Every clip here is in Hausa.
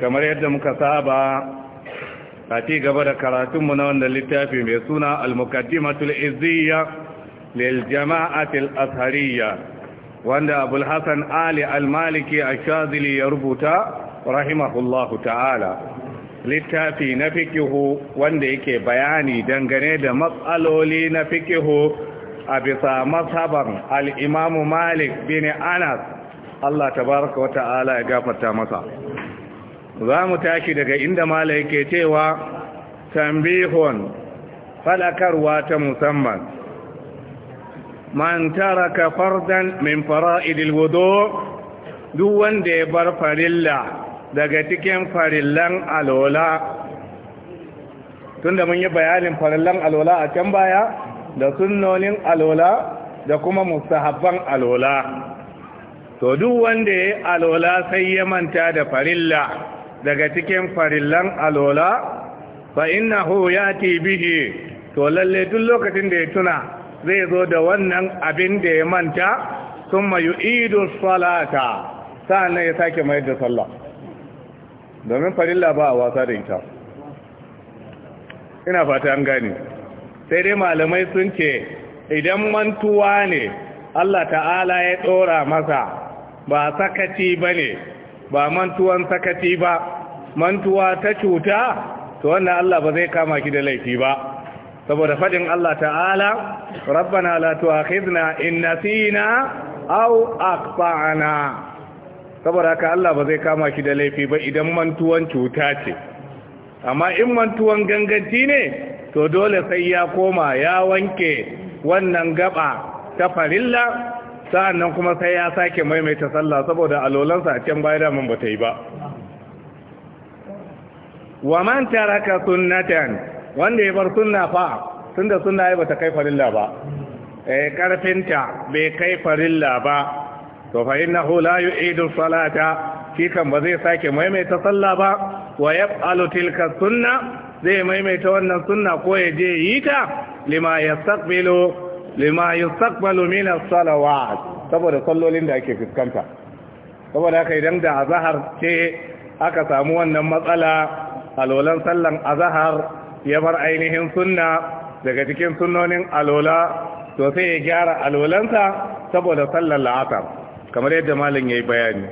kamar yadda muka saba a ci gaba da karatunmu na wanda littafi mai suna al-muqaddimatul izziya lil jama'atil azhariyya wanda abul hasan ali al-maliki ash ya rubuta rahimahullahu ta'ala littafi na fikihu wanda yake bayani dangane da matsaloli na fikihu a bisa mazhaban al-imamu malik bin anas Allah tabaraka wa ta'ala ya gafarta masa za mu tashi daga inda mala yake cewa tambihon falakarwa ta musamman Mantara ka fardan min fara'idil wudu duk wanda ya bar farilla daga cikin farillan alola tunda mun yi bayanin farillan alola a can baya da sunnonin alola da kuma musahabban alola to duk wanda ya alola sai ya manta da farilla daga cikin farillan alola fa ya yati bihi to lalle duk lokacin da ya tuna zai zo da wannan abin da ya manta thumma yu'idu salata sannan ya sake mai da sallah domin farilla ba a wasa da ita ina fata an gani sai dai malamai sun ce idan mantuwa ne Allah ta'ala ya ɗora masa ba sakaci ba ne ba mantuwan sakaci ba mantuwa ta cuta to wannan Allah ba zai kama ki da laifi ba saboda fadin Allah ta'ala rabbana la tu'akhidna in nasina aw aqta'na saboda haka Allah ba zai kama ki da laifi ba idan mantuwan cuta ce amma in mantuwan ganganci ne to dole sai ya koma ya wanke wannan gaba ta farilla sa'an nan kuma sai ya sake maimaita sallah saboda alolansa a can baya damar ba ta yi ba wa man taraka sunnatan wanda ya bar sunna fa tunda sunna ai bata kai farilla ba eh karfinta bai kai farilla ba to fa innahu la yu'idu salata shi kan ba zai sake maimaita sallah ba wa yaf'alu tilka sunna zai maimaita wannan sunna ko ya je yi ta lima yastaqbilu lima yi min mina salawa saboda sallolin da ake fuskanta saboda haka idan da azahar ce aka samu wannan matsala alolan sallan azahar ya bar ainihin sunna daga cikin sunnonin alola to sai ya gyara alolansa saboda sallar la'asar kamar yadda malin yi bayani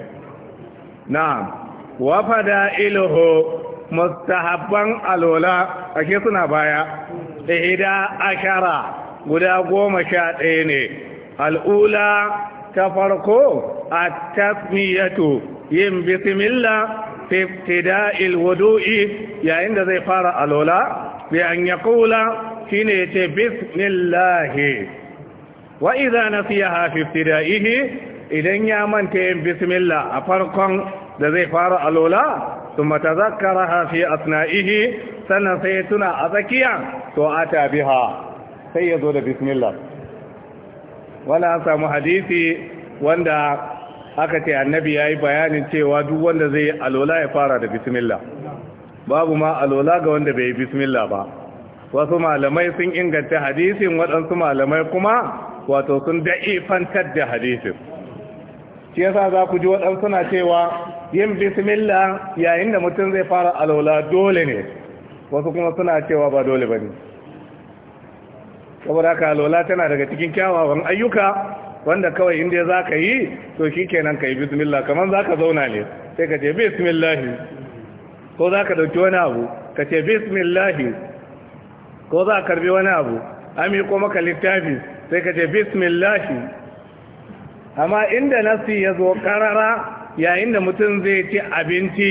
na'am wa iloho mustahabban alola ake suna baya da a ashara guda goma sha ɗaya ne al'ula ta farko a tasmiyatu yin bismillah fi ibtida'il yayin da zai fara alola bai an shi shine ce bismillah wa idza nasiyaha fi ihe idan ya manta yin bismillah a farkon da zai fara alola ihe sannan sai tuna a tsakiya to a tabi ha sai ya zo da bismillah wanda an samu hadisi wanda aka ce annabi ya yi bayanin cewa duk wanda zai alola ya fara da bismillah babu ma alola ga wanda bai yi bismillah ba wasu malamai sun inganta hadisin waɗansu malamai kuma wato sun fantar da hadisin shi yasa za ku ji waɗansu na cewa yin bismillah yayin da mutum zai fara alola dole ne wasu kuma suna cewa ba dole ba ne saboda haka lola tana daga cikin kyawawan ayyuka wanda kawai inda za ka yi to shi kenan ka yi bismillah kamar za ka zauna ne sai ka ce bismillahi ko za ka dauki wani abu ka ce bismillahi ko za ka karbi wani abu ami ko maka littafi sai ka ce bismillahi amma inda nasi ya zo karara yayin da mutum zai ci abinci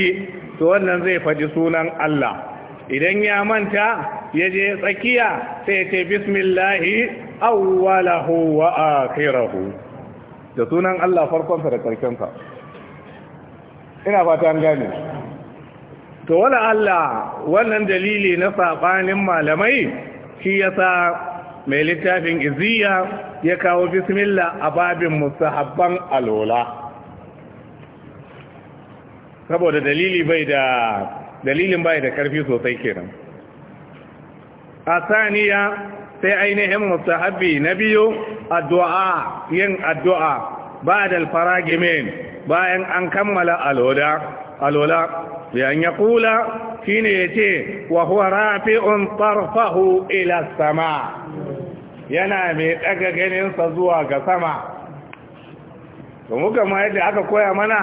to wannan zai faɗi sunan Allah idan ya manta ya je tsakiya sai ya ce bismillahi awwalahu wa akhirahu da sunan Allah farkonsa da karkensa ina fata an gane to wala Allah wannan dalili na sabanin malamai shi yasa mai littafin iziya ya kawo bismillah a babin musahabban alola saboda dalili bai da dalilin bai da karfi sosai kenan a saniya sai ainihin Mustahabi na biyu addu'a yin addu'a ba da alfaragimin bayan an kammala alola alola yan ya kula shine yace wa huwa rafi'un tarfahu ila sama yana mai ɗaga ganinsa zuwa ga sama Ba muka ma yadda aka koya mana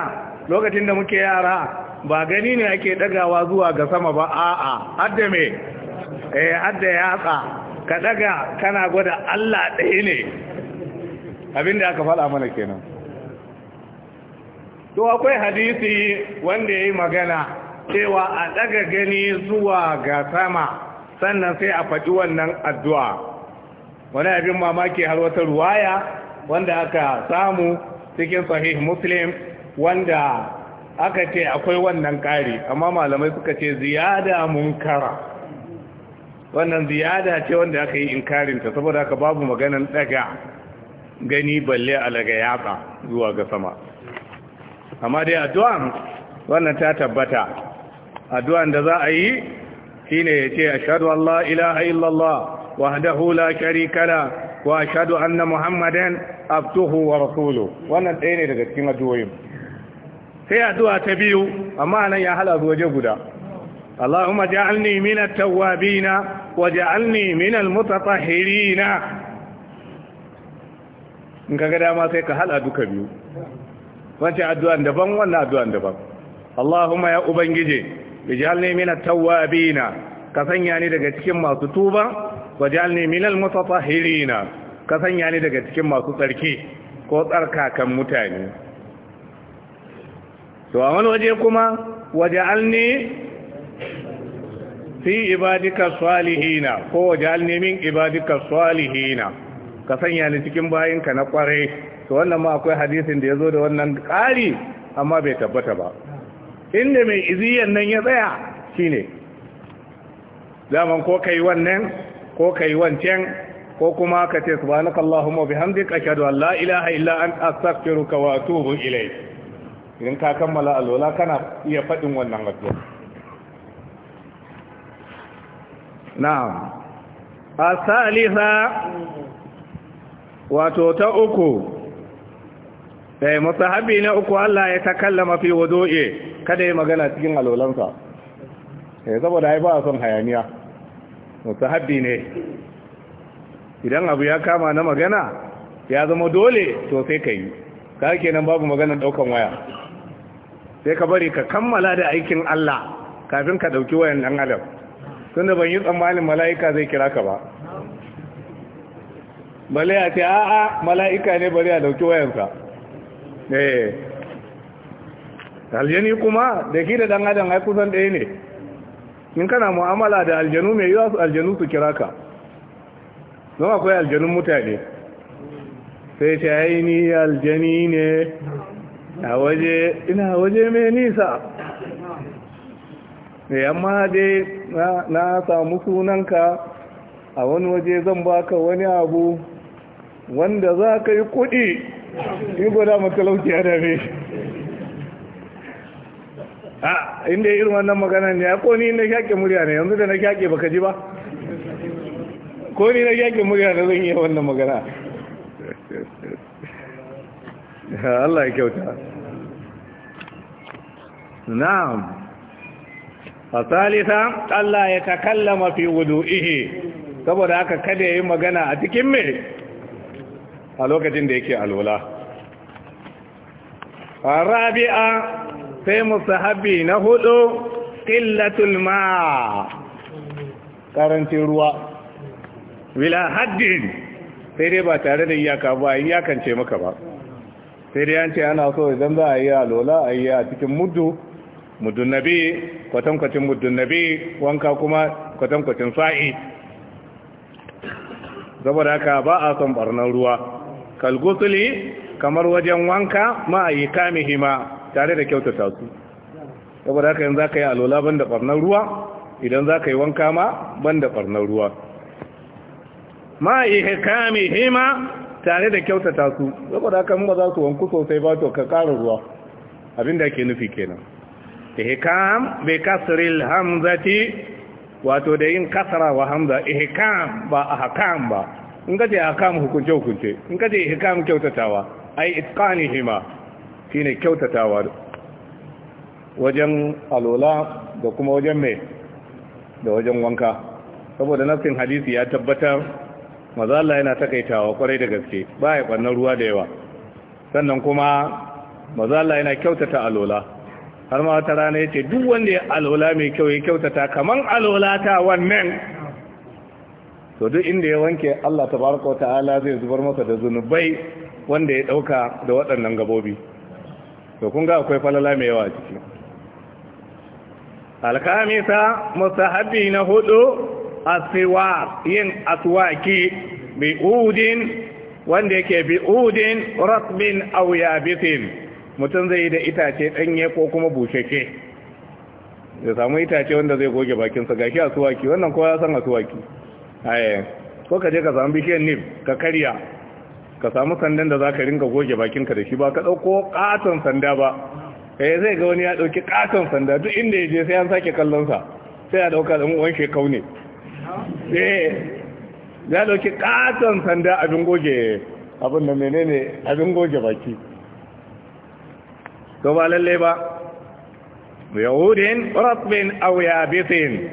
lokacin da muke yara ba gani ne ake dagawa zuwa ga sama ba a'a hadda me eh hadda yatsa ka daga kana gwada Allah ɗaya ne abinda aka faɗa mana kenan to akwai hadisi wanda yayi magana cewa a daga gani zuwa ga sama sannan sai a faɗi wannan addu'a wani abin mamaki har wata ruwaya wanda aka samu cikin sahih muslim wanda aka ce akwai wannan ƙari amma malamai suka ce ziyada munkara wannan ziyada ce wanda aka yi inkarinta saboda aka babu maganan daga gani balle alaga yatsa zuwa ga sama amma dai addu'an wannan ta tabbata addu'an da za a yi shine ya ce ashhadu Allah la ilaha illallah wahdahu la sharika la wa ashhadu anna muhammadan abduhu wa rasuluhu wannan ɗaya ne daga cikin addu'o'in sai addu'a ta biyu amma nan ya halar waje guda Allahumma ja'alni minat tawwabina wa ja'alni minal mutatahhirina in kaga dama sai ka hala duka biyu wancan addu'an daban wannan addu'an daban Allahumma ya ubangije ij'alni minat tawwabina ka sanya ni daga cikin masu tuba wajalni minal mutatahhirina ka sanya ni daga cikin masu tsarki ko tsarkakan mutane to a wani waje kuma waja'alni fi ibadika salihina ko waja'alni min ibadika salihina ka sanya ni cikin bayinka na kware to wannan ma akwai hadisin da ya zo da wannan ƙari amma bai tabbata ba inda mai iziyan nan ya tsaya shine zaman ko kai wannan ko kai wancan ko kuma ka ce subhanakallahumma bihamdika ashhadu an la ilaha illa anta astaghfiruka wa atubu ilayk idan ka kammala alwala kana iya faɗin wannan addu'a na'am asaliha wato ta uku dai eh, musahabi na uku Allah ya takallama fi wudu'i kada ya magana cikin alolansa eh saboda ai ba son hayaniya musahabi ne idan abu ya kama na magana ya zama dole to sai kai kake kenan babu maganar daukan waya sai ka bari ka kammala da aikin Allah kafin ka ɗauki wayan ɗan adam tunda ban yi tsammanin mala'ika zai kira ka ba bale a ce a'a mala'ika ne bari a ɗauki wayansa eh aljani kuma da ki da ɗan adam ai kusan ɗaya ne in kana mu'amala da aljanu mai yiwa su aljanu su kira ka don akwai aljanun mutane sai ta yi ni aljani ne waje ina waje mai nisa ne eh, amma dai na samu sunanka a wani waje zan baka wani abu wanda za ka yi kudi yi gwada matalauki ya dame a inda irin wannan magana ne ya koni na shaƙe murya ne yanzu da na shaƙe baka ji ba koni na shaƙe murya na zan iya wannan magana Allah ya kyauta na'am fasalita Allah ya takallama fi wudu'ihi saboda haka kada ya yi magana a cikin mai a lokacin da yake alwala rabi'a sai musahabi na hudu qillatul ma karancin ruwa wila haddin sai dai ba tare da iyaka ba iyakance maka ba sai dai yanci ana so idan za a yi a lola a yi a cikin muddu muddun nabi kwatankwacin muddun nabi wanka kuma kwatankwacin sa'i saboda haka ba a son barnar ruwa kalgusuli kamar wajen wanka yi kamihi ma tare da kyauta su saboda haka yanzu za ka yi a lola ban da barnar ruwa idan za ka yi wanka ma ban da barnar ruwa yi kamihi ma tare da kyautata su saboda haka mun ba za su wanku sosai ba to ka ƙara ruwa abinda ke nufi kenan ihkam bi kasril hamzati wato da yin kasra wa hamza ihkam ba ahkam ba in kace ahkam hukunce hukunce in je ihkam kyautatawa ai itqanihima shine kyautatawa wajen alola da kuma wajen mai da wajen wanka saboda nafsin hadisi ya tabbatar maza Allah yana takaitawa kwarai da gaske ba ya ɓarnar ruwa da yawa sannan kuma maza Allah yana kyautata alola har ma wata rana ya ce duk wanda ya alola mai kyau ya kyautata kamar alola ta wannan to duk inda ya wanke Allah tabaraka ta'ala zai zubar masa da zunubai wanda ya ɗauka da waɗannan gabobi to kun ga akwai falala mai yawa ciki alkamisa musahabi na hudu asiwa yin aswaki bi udin wanda yake bi udin ratbin aw yabitin mutum zai da itace danye ko kuma busheke ya samu itace wanda zai goge bakinsa gashi aswaki wannan kowa ya san aswaki aye ko ka je ka samu bishiyar nib ka kariya ka samu sandan da zaka ringa goge bakinka da shi ba ka dauko katon sanda ba eh zai ga wani ya dauki katon sanda duk inda yaje sai an sake kallon sa sai ya dauka dan uwan shekau ne ya eh, dauki katon sanda abin goge abin da menene abin goge baki to ba lalle ba yahudin rasbin aw bitin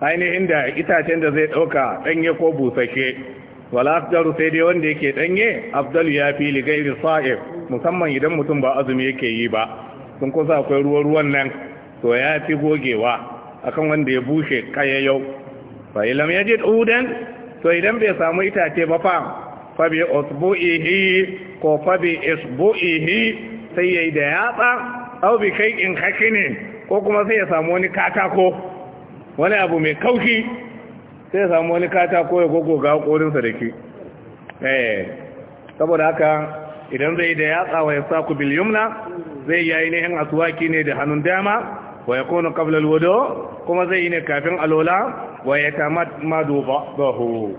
ainihin da itacen da zai dauka danye ko busashe wala afdaru sai dai wanda yake danye afdalu ya fi li gairi sa'ib musamman idan mutum ba azumi yake yi ba sun kusa akwai ruwa ruwan nan to ya fi gogewa akan wanda ya bushe kayayau fa ilam yajid udan to idan bai samu itace ba fa fa bi usbu'ihi ko fa bi isbu'ihi sai ya da yatsa aw bi kai'in hakini ko kuma sai ya samu wani katako wani abu mai kauki, sai ya samu wani katako ya gogoga korinsa da ke eh saboda haka idan zai da yatsa wa saku bil yumna zai yayi ne yan asuwaki ne da hannun dama wa yakunu qabla al wudu kuma zai yi ne kafin alola wa ya ba ba'dahu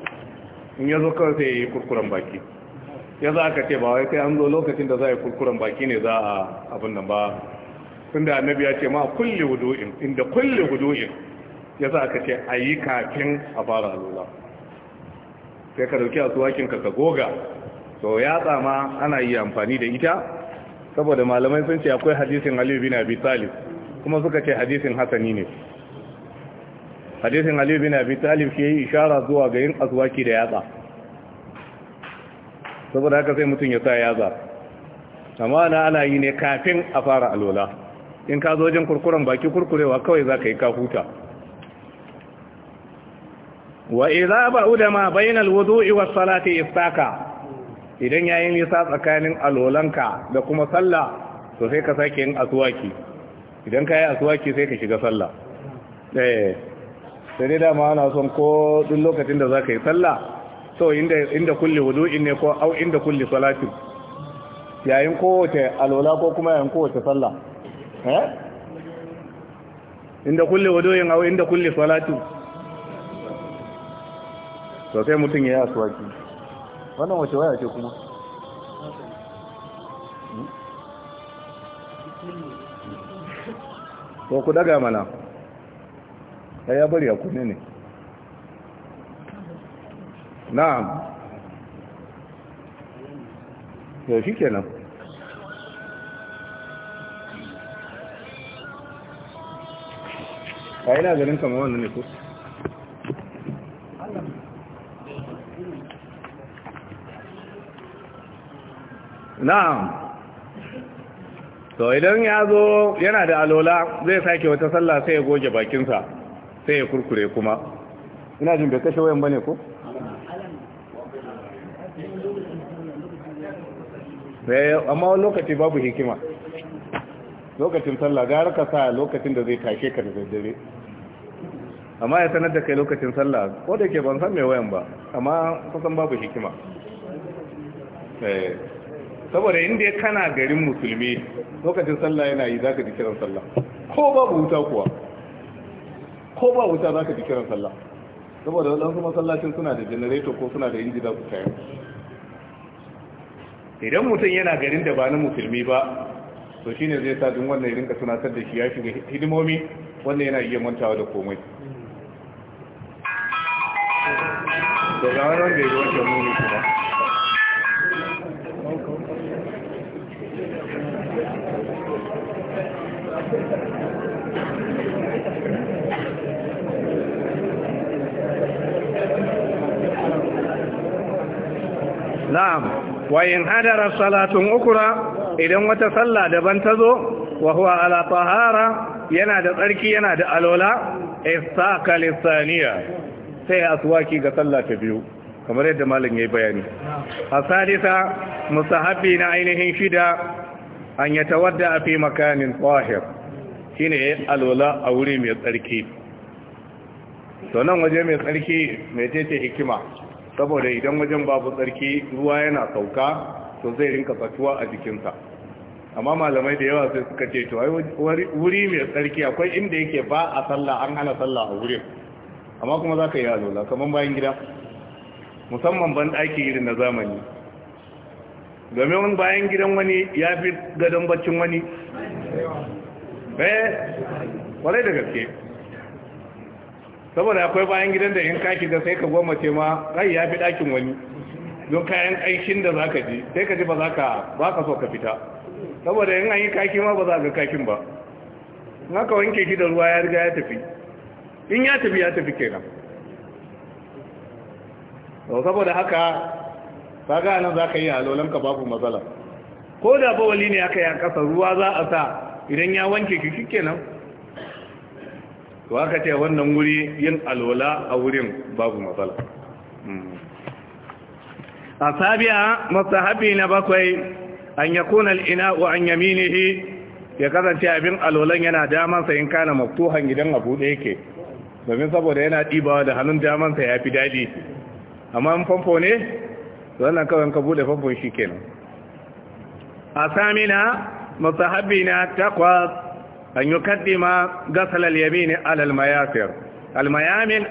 in yazo kawai sai yi kurkuren baki yanzu aka ce ba wai sai an zo lokacin da za a yi kurkuren baki ne za a abin nan ba tun da annabi ya ce ma kulle wudu'in inda kulle wudu'in ya za aka ce a yi kafin a fara alula sai ka dauki asuwakin ka goga to ya tsama ana yi amfani da ita saboda malamai sun ce akwai hadisin aliyu bin abi talib kuma suka ce hadisin hasani ne hadisin ali bin abi talib ke yi ishara zuwa ga yin aswaki da yatsa saboda haka sai mutum ya sa yatsa amma na ana yi ne kafin a fara alola in ka zo wajen kurkuren baki kurkurewa kawai za ka yi ka huta wa idza ba'uda ma bainal wudu'i was salati istaka idan yayin nisa tsakanin alolanka da kuma sallah to sai ka sake yin aswaki idan ka yi aswaki sai ka shiga sallah eh sai dai dama ana son ko duk lokacin da za ka yi sallah so inda kulli wudu'in ne ko au inda kulli salati yayin kowace alola ko kuma yayin kowace sallah eh inda kulli wudu'in au inda kulli salati to sai mutum ya yi asuwaki. wannan wace waya ce kuma ko hmm? ku daga mana ya ya bari a kunne ne na'am ya shi kenan a yana ganin kama wannan ne ko na'am to idan ya zo yana da alola zai sake wata sallah sai ya goge bakinsa sai ya kurkure kuma ina jin bai kashe wayan bane ko eh, amma wani lokaci babu hikima lokacin sallah gara ka sa lokacin da zai tashe ka da daddare amma ya sanar da kai lokacin sallah ko da ke ban san mai wayan ba amma kusan babu hikima eh, saboda inda ya kana garin musulmi lokacin sallah yana yi zaka ji kiran sallah ko babu wuta kuwa ko ba wuta za ka ji kiran sallah saboda waɗansu masallacin suna da janareto ko suna da inji za su kayan idan mutum yana garin da ba na musulmi ba to shine zai sa duk wannan ka tunatar da shi ya shiga hidimomi wannan yana iya mantawa da komai ga wannan da ya wancan kuma na'am wa in hadara salatun ukura idan wata sallah daban ta zo wa huwa ala tahara yana da tsarki yana da alola istaka lisaniya sai aswaki ga sallah ta biyu kamar yadda malam yayi bayani asadisa musahabi na ainihin shida an yatawadda fi makanin tahir shine alola a wuri mai tsarki to nan waje mai tsarki mai tete hikima saboda idan wajen babu tsarki ruwa yana sauka to zai rinka fatuwa a jikinsa amma malamai da yawa sai suka ce to ai wuri mai tsarki akwai inda yake ba a sallah an hana sallah a wurin amma kuma za ka yi alola kamar bayan gida musamman ban ɗaki irin na zamani domin bayan gidan wani ya fi gadon baccin wani eh kwarai da gaske saboda akwai bayan gidan da in ka shiga sai ka gwammace ma rai ya fi ɗakin wani don kayan aikin da za ka ji sai ka ji ba za ka ba ka so ka fita saboda in an yi kaki ma ba za ga kakin ba in aka wanke shi da ruwa ya riga ya tafi in ya tafi ya tafi kenan saboda haka ga nan za ka yi halolan ka babu matsala ko da ba wali ne aka yi a ƙasa ruwa za a sa idan ya wanke ke nan. to aka ce wannan wuri yin alwala a wurin babu matsala a sabiya masahabi na bakwai an ya kuna al'ina wa an ya kasance abin alwalan yana damansa yin kana maftuhan gidan abu da yake domin saboda yana ɗibawa da hannun damansa ya fi daɗi amma famfo ne wannan kawai ka buɗe famfon shi kenan a samina masahabi na takwas an yi kaddima gasal al-yamin ala al-mayasir al-mayamin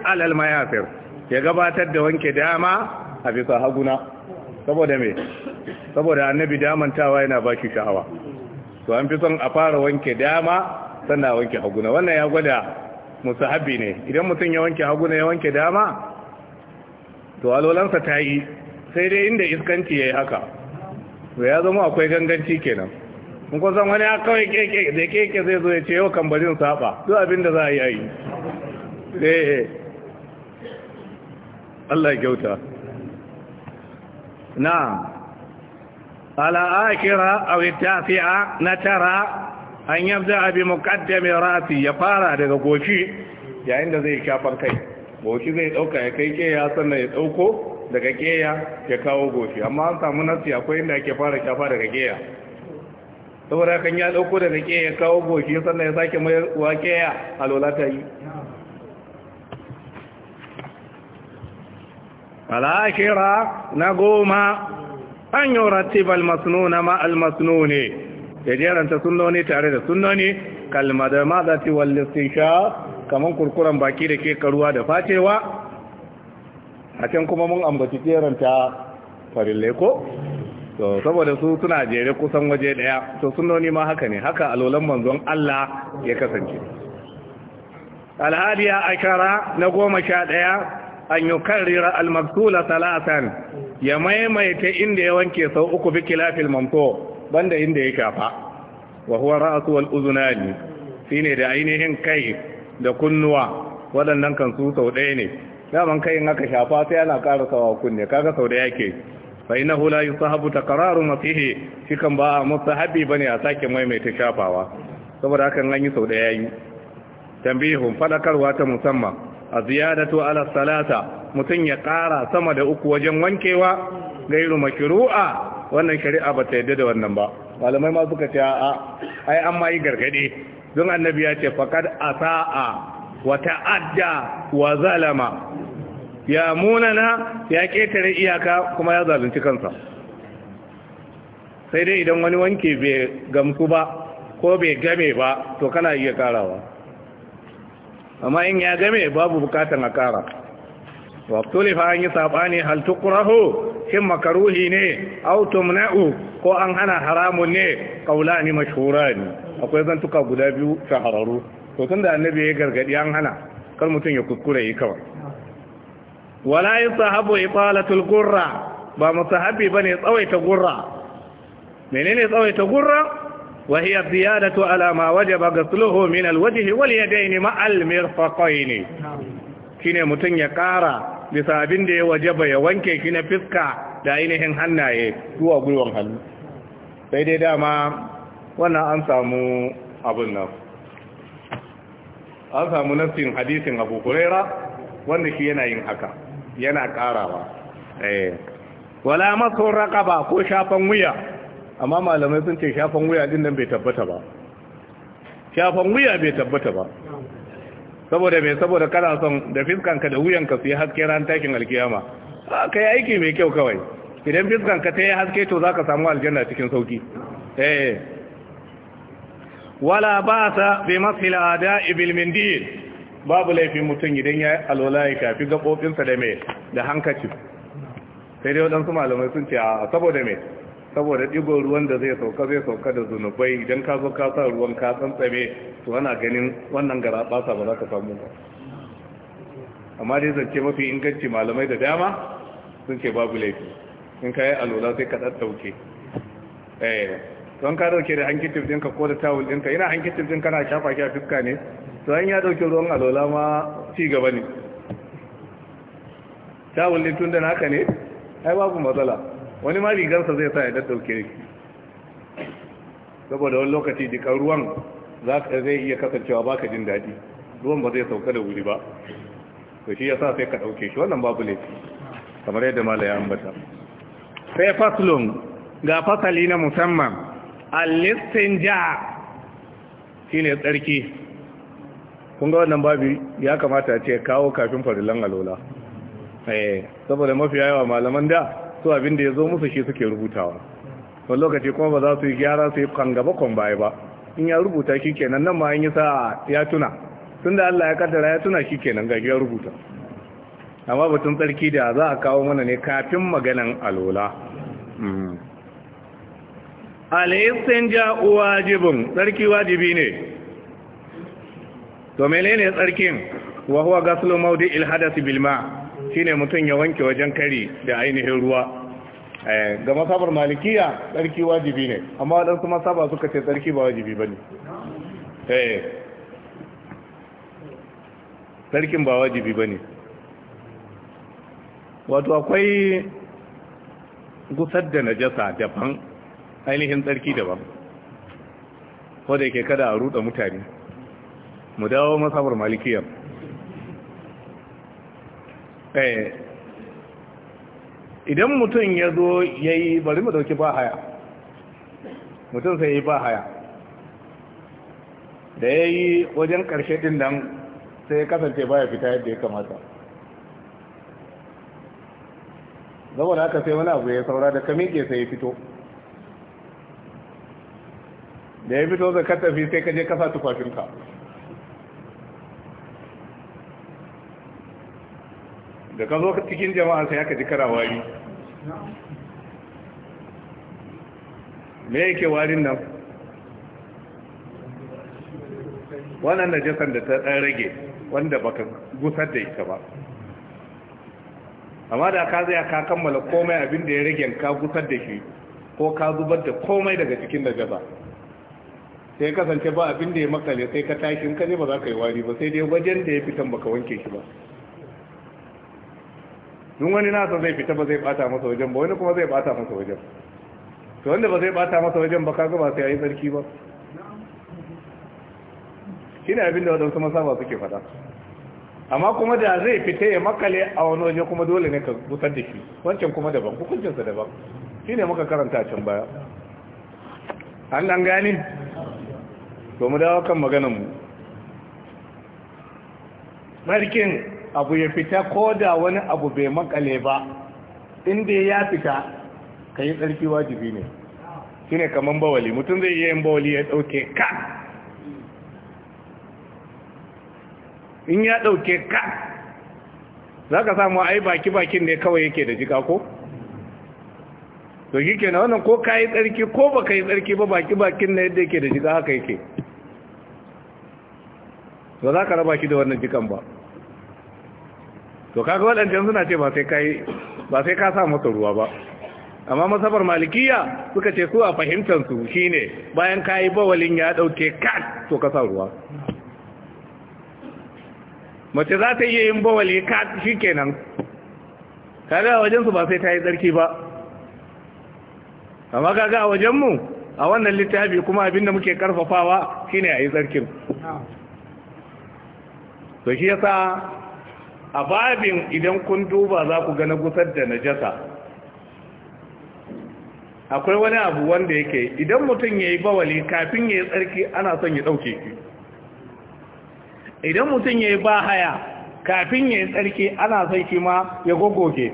ya gabatar da wanke dama a bisa haguna saboda me saboda annabi damantawa yana baki sha'awa to an fi son a fara wanke dama sannan wanke haguna wannan ya gwada musu musahabi ne idan mutum ya wanke haguna ya wanke dama to alolansa ta yi sai dai inda iskanci ya yi haka to ya zama akwai ganganci kenan in kun san wani ya kawai keke da keke zai zo ya ce yau kan bari saba duk abin da za a yi ayi eh, eh Allah ya Na ala'a ala akira aw tafi'a na tara an yabda bi muqaddami rati ya fara daga goshi yayin da zai shafar kai goshi zai dauka ya kai ke ya sanna ya dauko daga keya ya kawo goshi amma an samu nasi akwai inda ake fara shafa daga keya saboda kan ya dauko daga ke ya kawo goshi sannan ya sake mai wake ya alola ta yi al'ashira na goma an yi rattibal almasnu ma al ne. ya jeranta sunnoni tare da sunnoni kalma da mazati wallistin sha kamar kurkuren baki da ke karuwa da facewa. a can kuma mun ambaci jeranta farille ko saboda su suna jere kusan waje daya to sunnoni ma haka ne haka alolan manzon Allah ya kasance alhadiya ashara na goma sha daya an yi karrira almaktula talatan ya maimaita inda ya wanke sau uku bi kilafil mamto banda inda ya shafa wa huwa ra'su wal uzunani shine da ainihin kai da kunnuwa wadannan kan su sau ɗaya ne daman kai in aka shafa sai ana ƙara sawa kunne kaga sau da yake fa innahu la yusahabu takraru mafihi shi kan ba mustahabi ne a sake maimaita shafawa saboda hakan an yi sau da ya tambihun fadakarwa ta musamman a ziyadatu ala salata mutum ya kara sama da uku wajen wankewa gairu makru'a wannan shari'a bata ta yadda da wannan ba malamai ma suka ce a ai an ma yi gargade don annabi ya ce faqad asaa wa ta'adda Wazalama. ya munana ya ƙetare iyaka kuma ya zalunci kansa sai dai idan wani wanke bai gamsu ba ko bai game ba to kana iya karawa amma in ya game babu bukatan a kara waktuli fa an yi saɓani haltukurahu shin makaruhi ne autumna'u ko an hana haramun ne ƙaula ne mashura ne akwai zantuka guda biyu shahararru to tun da annabi ya gargaɗi an hana kar mutum ya kuskure yi kawai wala yusahabu italatul gurra ba musahabi ne tsawaita gurra menene tsawaita gurra وهي الزيادة على ما وجب غسله من الوجه واليدين مع المرفقين ne mutum ya ƙara bisa abin da ya waje ba ya wanke shi na fiska da ainihin hannaye zuwa gwiwan hannu sai dai dama wannan an samu abin nan an samu nassin hadisin abu kuraira wanda shi yana yin haka yana karawa eh wala masu raqaba ko shafan wuya amma malamai sun ce shafan wuya din nan bai tabbata ba shafan wuya bai tabbata ba saboda mai saboda kana son da fiskanka da wuyanka su yi haske ran takin alkiyama kai aiki mai kyau kawai idan fiskanka ta yi haske to zaka samu aljanna cikin sauki eh wala ba ta bi masila da ibil mindil babu laifin mutum idan ya alwala ya ga gaɓoɓinsa da mai da hankaci sai dai waɗansu malamai sun ce a saboda mai saboda ɗigo ruwan da zai sauka zai sauka da zunubai idan ka zo ka sa ruwan ka tsantsame to ana ganin wannan gara ɓasa ba za ka samu ba amma dai zance mafi inganci malamai da dama sun ce babu laifi in ka yi alwala sai ka ɗaɗɗauke don eh, ka ɗauke da hankicin ɗinka ko da tawul ɗinka ina hankicin ɗinka na shafa shi a fuska ne to an ya dauki ruwan alola ma ci gaba ne ta tun da naka ne ai babu matsala wani ma rigarsa zai sa ya daddauke ne saboda wani lokaci jikan ruwan za ka zai iya kasancewa baka jin daɗi ruwan ba zai sauka da wuri ba to shi yasa sai ka dauke shi wannan babu ne kamar yadda mala ya ambata sai faslun ga fasali na musamman al-istinja shine tsarki Kunga wannan babi ya kamata ce kawo kafin farilan alola eh saboda mafiya yawa malaman da su abin da ya zo musu shi suke rubutawa wani lokaci kuma ba za su yi gyara su yi kwangaba kwan baya ba in ya rubuta shi kenan nan ma an yi sa ya tuna tun da Allah ya kaddara ya tuna shi kenan ga ya rubuta amma batun tsarki da za a kawo mana ne kafin maganan alola hmm. al-istinja wajibun tsarki wajibi ne to menene tsarkin wa huwa gaslu mawdi'il hadath bil ma shine mutun ya wanke wajen kari da ainihin ruwa eh, ga masabar malikiya tsarki wajibi ne amma waɗansu saba suka ce tsarki ba wajibi ba ne eh, tsarkin ba wajibi ba ne wato akwai gusar da najasa daban ainihin tsarki daban wadda yake kada a ruɗa mutane mu dawo masabar malikiyar eh, idan mutum ya zo ya yi bari mu dauki haya, mutum sai ya yi ba haya. da ya yi wajen karshe din nan sai ya kasance baya fita yadda ya kamata da aka sai wani abu ya saura da kamike sai ya fito da ya fito zai kattafi sai ka je kasa tufafinka da ka zo cikin jama'a sai aka ji kara wari me yake warin nan wannan najasan da ta ɗan rage wanda baka gusar da ita ba amma da ka zai ka kammala komai abin da ya rage ka gusar da shi ko ka zubar da komai daga cikin najasa sai kasance ba abin da ya makale sai ka tashi in ka ne ba za ka yi wari ba sai dai wajen da ya fitan baka wanke shi ba duk wani nasa zai fita ba zai bata masa wajen ba wani kuma zai bata masa wajen to wanda ba zai bata masa wajen ba kaga ba sai yayi tsarki ba shine abin da wadansu masaba suke fada amma kuma da zai fita ya makale a wani waje kuma dole ne ka gutar da shi wancan kuma daban hukuncin sa daban shine muka karanta can baya an dan gani to mu dawo kan maganar mu barkin abu ya fita ko da wani abu bai makale ba inda ya fita ka yi tsarki wajibi ne shi ne kamar bawali mutum zai yi yin bawali ya ɗauke ka in ya ɗauke ka za ka samu ai baki-bakin ne kawai yake da jika ko? to shi ke na wannan ko ka yi tsarki ko ba ka yi tsarki ba baki-bakin na yadda yake da jika haka yake ba za ka raba shi da wannan jikan ba to kaga waɗancan suna ce ba sai kai ba sai ka sa masa ruwa ba amma masabar malikiya suka ce su a fahimtar su shine bayan yi bawalin ya dauke kat to ka sa ruwa mace za ta iya yin bawali kat shikenan kaga wajen su ba sai ta yi tsarki ba amma kaga a wajen mu a wannan littafi kuma abin da muke karfafawa shine ayi yi tsarkin to shi yasa a babin idan kun duba za ku gani gusar da najasa akwai wani abu wanda yake idan mutum ya yi bawali kafin ya yi tsarki ana son ya ɗauke shi idan mutum ya yi ba haya, kafin ya yi tsarki ana son shi ma ya gogoge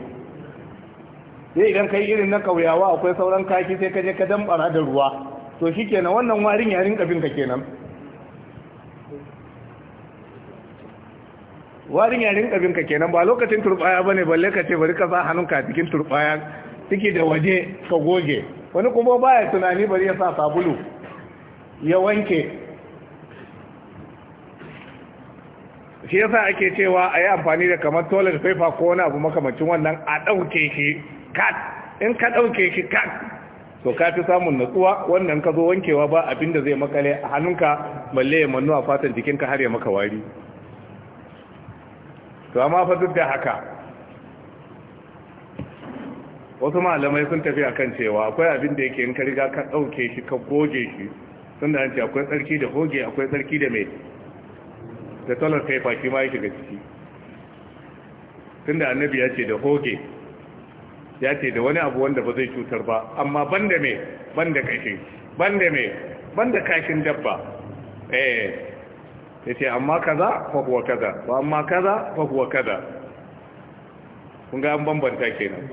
sai idan ka yi irin na kauyawa akwai sauran kaki sai ka je ka dambara da ruwa to shi kenan wannan warin yarin ka kenan warin yarin abinka kenan ba lokacin turbaya bane balle ka ce bari ka sa hannunka cikin turbaya ciki da waje ka goge wani kuma baya tunani bari ya sa sabulu ya wanke shi yasa ake cewa a yi amfani da kamar toilet paper ko wani abu makamacin wannan a ɗauke shi kat in ka ɗauke shi kat to ka fi samun natsuwa wannan ka zo wankewa ba abinda zai makale a hannunka balle ya mannu a fatan jikinka har ya maka wari to amma fa duk da haka wasu malamai sun tafi akan cewa akwai abin da yake in ka riga ka ɗauke shi ka goge shi sun da hanci akwai tsarki da goge akwai tsarki da mai da tolar paper shi ma ya shiga ciki tun da annabi ya ce da hoge ya ce da wani abu wanda ba zai cutar ba amma ban da mai ban da kashin ban da mai ban da kashin dabba eh ce, amma kaza fa kaza To amma kaza fa kaza kun ga an bambanta kenan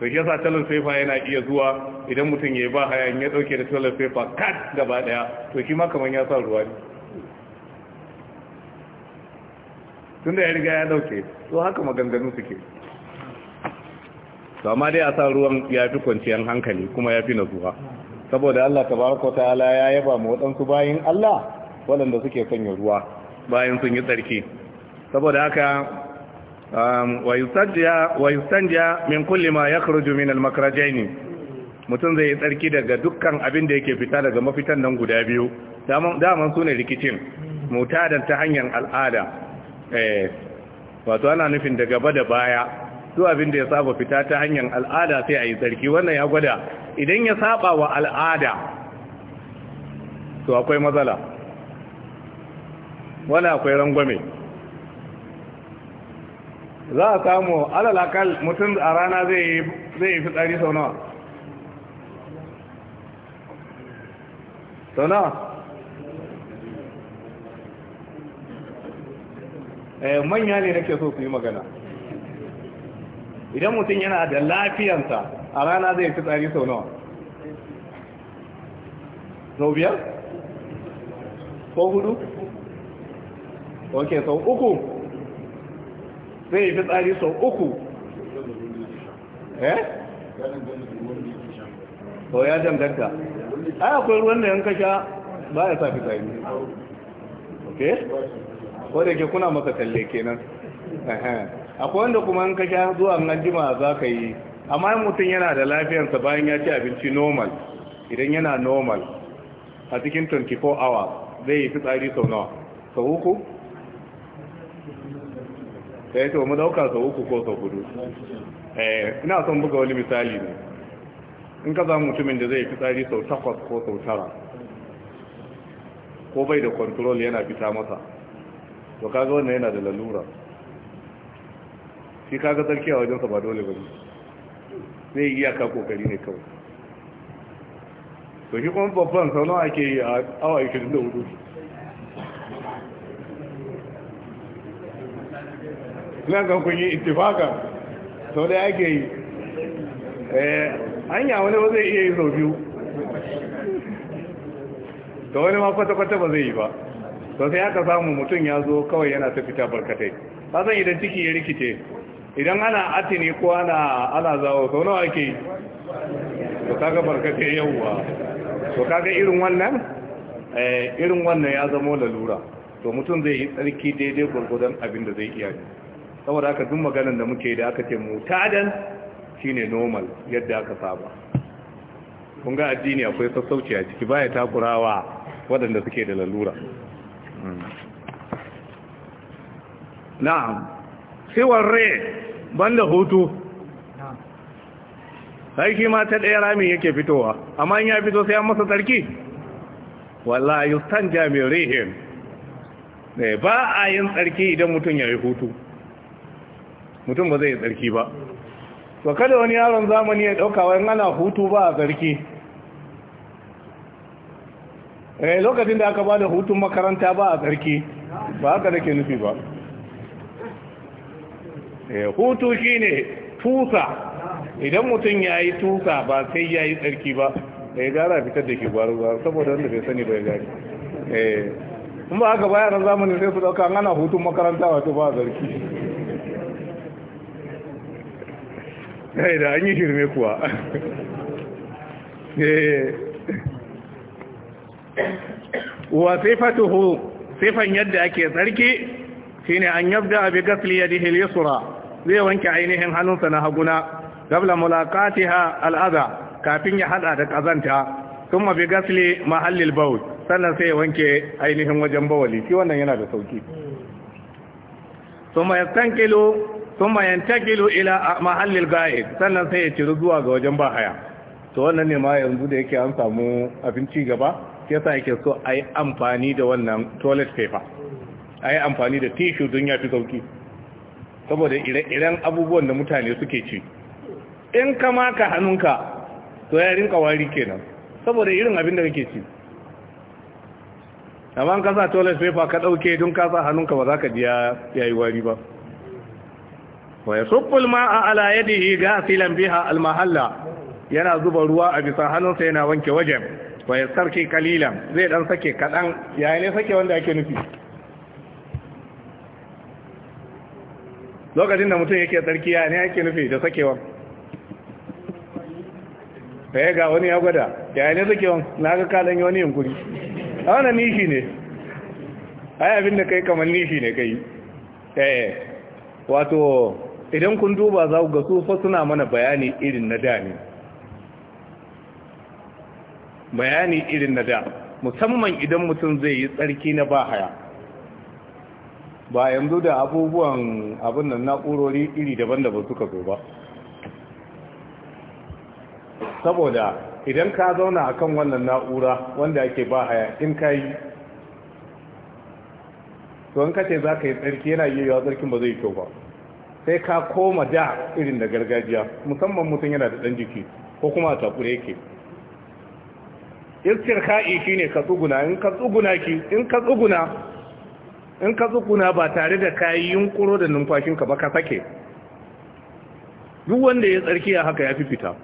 to shi yasa talon sefa yana iya zuwa idan mutum ya ba haya ya dauke da talon sefa kat gaba daya to shi ma kaman ya sa ruwa ne tunda ya riga ya dauke to haka maganganu suke to amma dai a sa ruwan ya fi kwanciyar hankali kuma ya fi zuwa. saboda Allah tabaraka ta'ala ya yaba mu waɗansu bayin Allah waɗanda suke sanya ruwa bayan sun yi tsarki saboda haka um, wa sanjiya min kulli ma yakhruju min al ne. mutum zai yi tsarki daga dukkan abin da yake fita daga mafitan nan guda biyu daman su ne rikicin mutadan ta hanyar al'ada eh, wato ana nufin da gaba da baya su abin da ya saba fita ta hanyar al'ada sai a yi tsarki wannan ya gwada idan ya saba wa al'ada to akwai matsala wani akwai rangwame za a samu alalakal mutum a rana zai yi fitsari sau nawa sau nawa eh, manya ne nake so su yi magana idan mutum yana da lafiyansa a rana zai fitsari sau nawa sau biyar ko hudu Wake sau uku sai fi tsari sau uku eh to ya danganta ai akwai ruwan da yanka sha ba ya sa tsari. ok wadda ke kuna masa kalle kenan akwai wanda kuma yanka sha zuwa nan jima za ka yi amma mutum yana da lafiyansa bayan ya ci abinci normal idan yana normal a cikin 24 hours zai yi fitsari sau nawa sau uku ya eh ce mu madauka sau uku ko sau hudu eh, ina son buga wani misali ne in ka za mutumin da zai fitsari sau takwas ko sau tara ko bai da kontrol yana fita masa to kaga wannan yana da lalura shi kaga tsarki a wajensa ba dole ba ne zai iyaka kokari ne kawai to shi kuma babban sau nawa ake yi a awa 24 nan kan kun yi ittifaka sau da ake yi eh, hanya wani ba zai iya yi sau biyu da wani ma kwata-kwata ba zai yi ba sau sai aka samu mutum ya zo kawai yana ta fita barkatai kasan idan ciki ya rikice idan ana atini ko ana ana zawo sau nawa ake yi to kaga barkatai ba. to kaga irin wannan eh, irin wannan ya zama lalura to mutum zai yi tsarki daidai gwargwadon abin da zai iya yi saboda aka duk maganar da muke da aka ce mutadan shine normal yadda aka saba kun ga addini akwai sassauci a ciki baya takurawa waɗanda suke da lalura hmm. na'am siwar re banda hutu sarki ma ta ɗaya rami yake fitowa amma ya fito sai an masa sarki wallahi yustan jami'ar rihim eh, ba a yin tsarki idan mutum ya yi hutu mutum ba zai yi tsarki ba to kada wani yaron zamani ya dauka wai ana hutu ba a tsarki eh lokacin da aka ba da hutun makaranta ba a tsarki ba haka nake nufi ba eh hutu shine tusa idan mutum ya yi tusa ba sai ya yi tsarki ba eh gara fitar da ke gwaru saboda wanda bai sani bai gari eh kuma aka bayan zamanin sai su dauka ana hutun makaranta wato ba a zarki sai da an yi shirme kuwa eh. wa sifatuhu sifan yadda ake tsarki shine an yabda bi gasli yadihi al-yusra zai wanke ainihin hannunsa na haguna qabla mulaqatiha al-adha kafin ya haɗa da kazanta kuma bi ghasli mahallil bawl sannan sai ya wanke ainihin wajen bawali shi wannan yana da sauki kuma yastankilu ثم ينتقل الى ila الغائب ga'id sannan sai ya ciru zuwa ga wajen haya, to wannan ne ma yanzu da yake an samu abin ci gaba sai sa yake so a yi amfani da wannan toilet paper a yi amfani da tissue don ya fi sauki saboda ire-iren abubuwan da mutane suke ci in ka maka hannunka to ya rinka wari kenan saboda irin abin da kake ci amma ka sa toilet paper ka ɗauke don ka sa hannunka ba za ka ji ya yi wari ba wa yasuffu maa ala yadihi ghafilan biha al-mahalla yana zuba ruwa a bisa hannunsa yana wanke wajen wa yasarki kalilan zai dan sake kadan yayin ne sake wanda yake nufi lokacin da mutum yake tsarki ya ne yake nufi da sakewa sai ga wani ya gwada ya ne sakewa na ga kalan wani yunkuri a wannan nishi ne ai abin da kai kamar nishi ne kai eh wato idan kun duba za ku ga su fa suna mana bayani irin na da bayani irin na da musamman idan mutum zai yi tsarki na haya ba yanzu da abubuwan abin nan na'urori iri daban-daban suka zo ba saboda idan ka zauna akan wannan na'ura wanda ake haya in ka yi to kace za ka yi tsarki yana yi yawa tsarkin ba zai kyau ba sai ka koma da irin da gargajiya musamman mutum yana da ɗan jiki ko kuma a takure yake ka'i shi ne ka tsuguna in ka tsuguna ki in ka tsuguna in ka tsuguna ba tare da yi yunkuro da numfashinka ba ka sake duk wanda ya tsarki a haka ya fi fita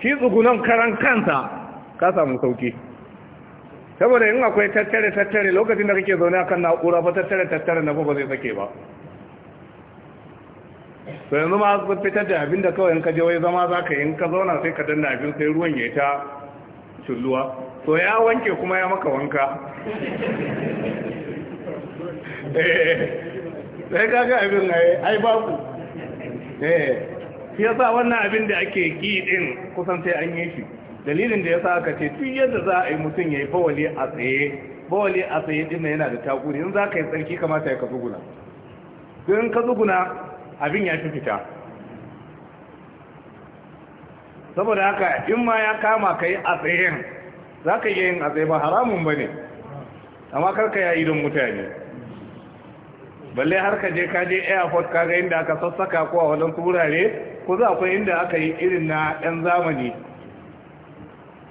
shi tsugunan karan kansa ka samu sauki saboda in akwai tattare tattare lokacin da kake zaune akan na'ura ba tattare tattare na ba zai sake ba to yanzu ma su fitar da abin da kawai in ka je wai zama za ka yi in ka zauna sai ka danna abin sai ruwan ya ta tulluwa so ya wanke kuma ya maka wanka eh, sai kaga abin ai babu eh shi yasa wannan abin da ake ki din kusan sai an yi shi dalilin da yasa aka ce tun yadda za a yi mutum ya yi bawali a tsaye bawali a tsaye din yana da takuri in za ka yi tsarki kamata ya ka zuguna in ka zuguna abin ya fi fita saboda haka in ma ya kama ka yi a tsayen za ka iya yin a tsaye ba haramun ba ne amma karka ya yi don mutane balle har ka je ka je airport kaga inda aka sassaka ko a wadansu wurare ko za ku inda aka yi irin na 'yan zamani